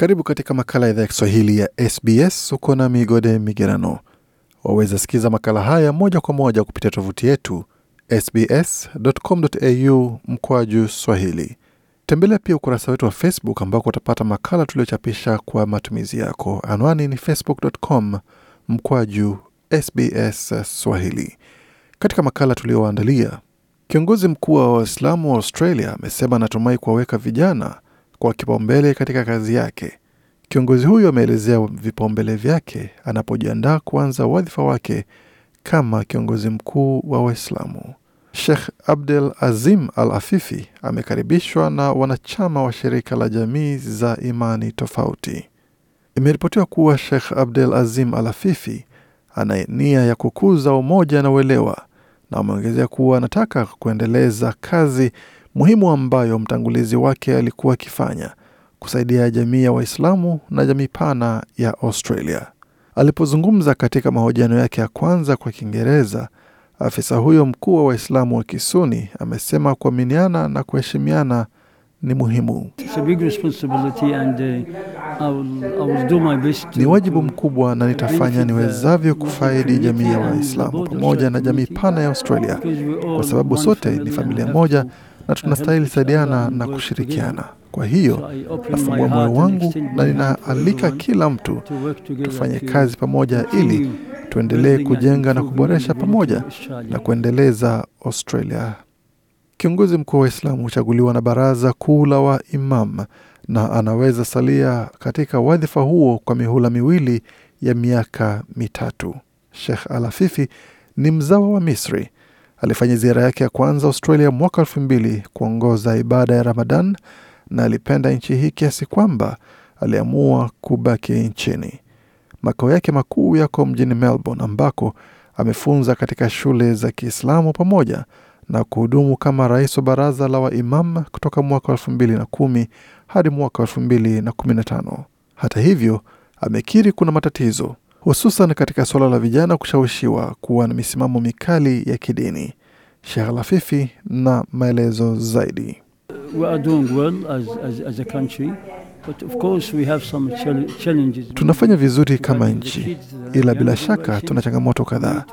Karibu katika makala ya idhaa ya Kiswahili ya SBS. Uko na Migode Migerano. Waweza sikiza makala haya moja kwa moja kupitia tovuti yetu sbs.com.au mkwaju swahili. Tembelea pia ukurasa wetu wa Facebook ambako utapata makala tuliochapisha kwa matumizi yako. Anwani ni facebook.com mkwaju SBS Swahili. Katika makala tuliyoandalia kiongozi mkuu wa Waislamu wa Australia amesema anatumai kuwaweka vijana kwa kipaumbele katika kazi yake. Kiongozi huyo ameelezea vipaumbele vyake anapojiandaa kuanza wadhifa wake kama kiongozi mkuu wa Waislamu. shekh Abdel Azim Al Afifi amekaribishwa na wanachama wa shirika la jamii za imani tofauti. Imeripotiwa kuwa shekh Abdel Azim Al Afifi ana nia ya kukuza umoja na uelewa, na ameongezea kuwa anataka kuendeleza kazi muhimu ambayo mtangulizi wake alikuwa akifanya kusaidia jamii ya Waislamu na jamii pana ya Australia. Alipozungumza katika mahojiano yake ya kwanza kwa Kiingereza, afisa huyo mkuu wa Waislamu wa Kisuni amesema kuaminiana na kuheshimiana ni muhimu. Uh, ni wajibu mkubwa na nitafanya uh, niwezavyo kufaidi jamii ya Waislamu pamoja na jamii pana ya Australia, kwa sababu sote ni familia moja na tunastahili saidiana na kushirikiana. Kwa hiyo nafungua moyo wangu na ninaalika kila mtu tufanye kazi pamoja, ili tuendelee kujenga na kuboresha pamoja na kuendeleza Australia. Kiongozi mkuu wa Islamu huchaguliwa na baraza kuu la wa imam na anaweza salia katika wadhifa huo kwa mihula miwili ya miaka mitatu. Sheikh alafifi ni mzawa wa Misri Alifanya ziara yake ya kwanza Australia mwaka elfu mbili kuongoza ibada ya Ramadan na alipenda nchi hii kiasi kwamba aliamua kubaki nchini. Makao yake makuu yako mjini Melbourne ambako amefunza katika shule za Kiislamu pamoja na kuhudumu kama rais wa baraza la waimam kutoka mwaka elfu mbili na kumi hadi mwaka elfu mbili na kumi na tano. Hata hivyo, amekiri kuna matatizo hususan katika suala la vijana kushawishiwa kuwa na misimamo mikali ya kidini. Sheikh Lafifi na maelezo zaidi. We are doing well as, as, as a country. Tunafanya vizuri kama nchi, uh, ila bila shaka tuna changamoto kadhaa.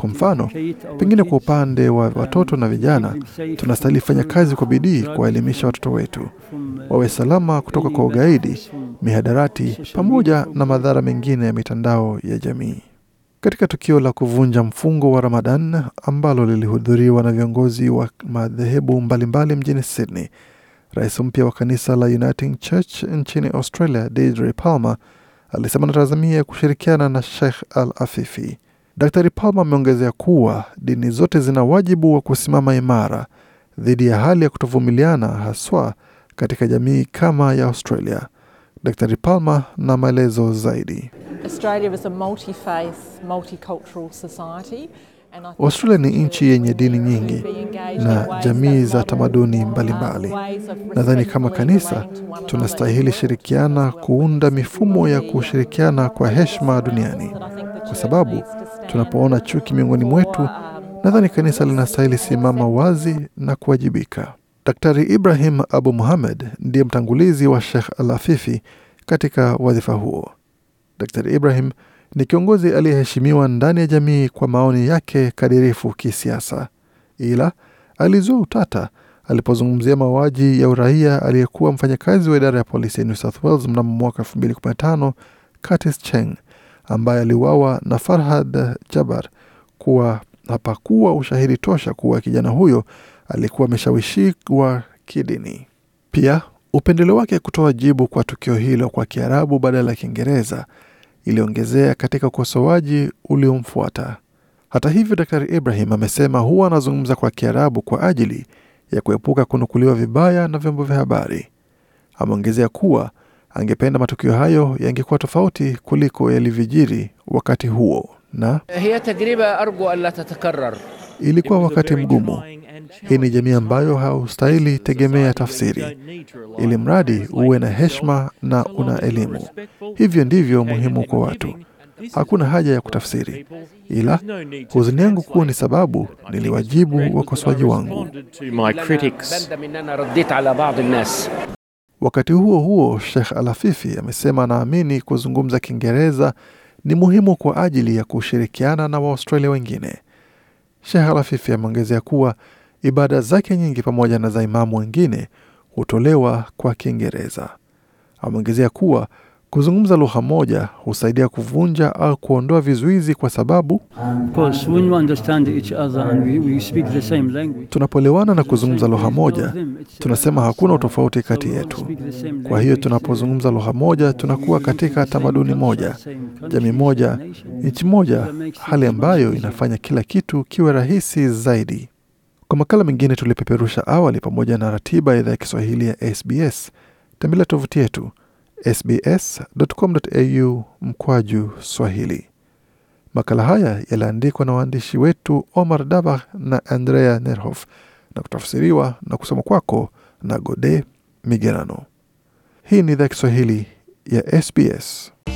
Kwa mfano, pengine kwa upande wa watoto na vijana, tunastahili fanya kazi kwa bidii kuwaelimisha watoto wetu uh, wawe salama kutoka kwa ugaidi, mihadarati, pamoja na madhara mengine ya mitandao ya jamii. Katika tukio la kuvunja mfungo wa Ramadan ambalo lilihudhuriwa na viongozi wa madhehebu mbalimbali mjini Sydney, Rais mpya wa kanisa la Uniting Church nchini Australia, Deidre Palmer alisema anatazamia kushirikiana na Sheikh Al Afifi. dr Palmer ameongezea kuwa dini zote zina wajibu wa kusimama imara dhidi ya hali ya kutovumiliana, haswa katika jamii kama ya Australia. dr Palmer na maelezo zaidi. Australia is a multi-faith, multicultural society. Australia ni nchi yenye dini nyingi na jamii za tamaduni mbalimbali. Nadhani kama kanisa tunastahili shirikiana kuunda mifumo ya kushirikiana kwa heshima duniani, kwa sababu tunapoona chuki miongoni mwetu, nadhani kanisa linastahili simama wazi na kuwajibika. Daktari Ibrahim Abu Muhamed ndiye mtangulizi wa Sheikh Al Afifi katika wadhifa huo. Daktari Ibrahim ni kiongozi aliyeheshimiwa ndani ya jamii kwa maoni yake kadirifu kisiasa, ila alizua utata alipozungumzia mauaji ya uraia aliyekuwa mfanyakazi wa idara ya polisi ya New South Wales mnamo mwaka 2015 Curtis Cheng, ambaye aliuawa na Farhad Jabar, kuwa hapakuwa ushahidi tosha kuwa kijana huyo alikuwa ameshawishiwa kidini. Pia upendeleo wake kutoa jibu kwa tukio hilo kwa Kiarabu badala ya Kiingereza iliongezea katika ukosoaji uliomfuata. Hata hivyo, Daktari Ibrahim amesema huwa anazungumza kwa Kiarabu kwa ajili ya kuepuka kunukuliwa vibaya na vyombo vya habari. Ameongezea kuwa angependa matukio hayo yangekuwa tofauti kuliko yalivyojiri wakati huo, na ilikuwa wakati mgumu hii ni jamii ambayo haustahili tegemea tafsiri, ili mradi uwe na heshima na una elimu. Hivyo ndivyo muhimu kwa watu. Hakuna haja ya kutafsiri, ila huzuni yangu kuwa ni sababu niliwajibu wakosoaji wangu. Wakati huo huo, Sheikh Alafifi amesema anaamini kuzungumza Kiingereza ni muhimu kwa ajili ya kushirikiana na Waaustralia wengine. Sheikh Alafifi ameongezea kuwa Ibada zake nyingi pamoja na za imamu wengine hutolewa kwa Kiingereza. Ameongezea kuwa kuzungumza lugha moja husaidia kuvunja au kuondoa vizuizi, kwa sababu tunapoelewana na kuzungumza lugha moja, tunasema hakuna utofauti kati yetu. Kwa hiyo tunapozungumza lugha moja, tunakuwa katika tamaduni moja, jamii moja, nchi moja, hali ambayo inafanya kila kitu kiwe rahisi zaidi. Kwa makala mengine tulipeperusha awali pamoja na ratiba ya idhaa ya Kiswahili ya SBS, tembelea tovuti yetu sbs.com.au mkwaju swahili. Makala haya yaliandikwa na waandishi wetu Omar Dabah na Andrea Nerhof na kutafsiriwa na kusoma kwako na Gode Migerano. Hii ni idhaa Kiswahili ya SBS.